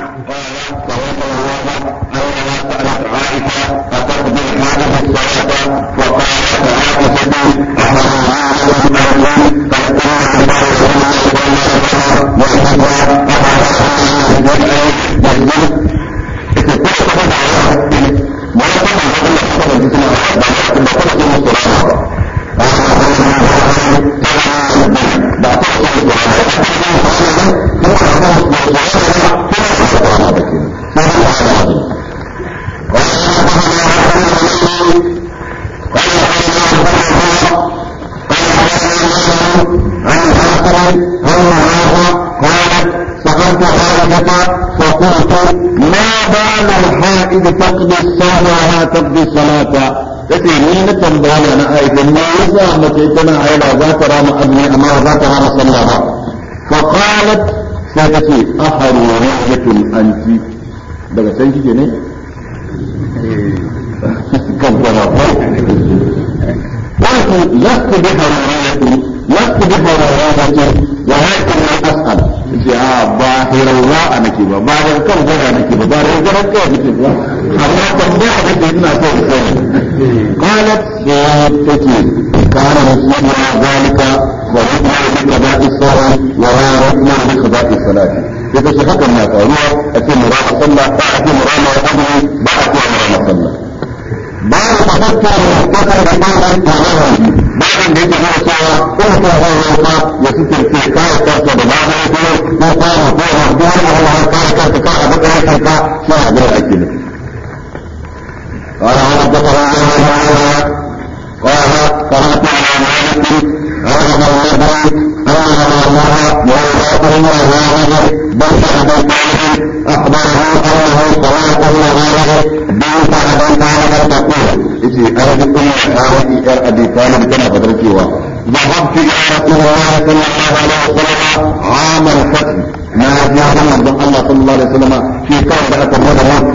قال وقال الله عنها قالت سألت حائدة فقلت ما بال الحائد تقضي الصلاة ولا تقضي الصلاة yace ni na tambaya na aisha ma yasa mace tana haila za ta rama azumi amma ba za ta rama sallah ba fa qalat sai ta ce aharu ra'yatun anti daga can kike ne kan fara ba wato lastu bi hararatin lastu bi hararatin wa أثقل انتعاب ظاهر وراء نكيبة بعض الكل ظهر نكيبة بعض الكل ظهر نكيبة حرات الضعف إذن أسوء سوء قالت سيد كان مسلم مع ذلك وضعنا بقضاء الصلاة وراء بقضاء الصلاة إذا شخص ما تقول أتم راء صلى أتم راء مرحبه بعد يوم راء صلى بعد تحطه وقفر بقضاء الصلاة بعد ان بيت الله صلى abu wani abu har kare kan ka abu kare kan ka na abu da ake nufi. Kwara hana ta fara ana yi ma ana ya kwara yar abi talib kana mahabbi ya yi wani kan Allah ya yi wani hamar fati na ya zama don Allah sallallahu alaihi wasallam shi kawai da aka mada wani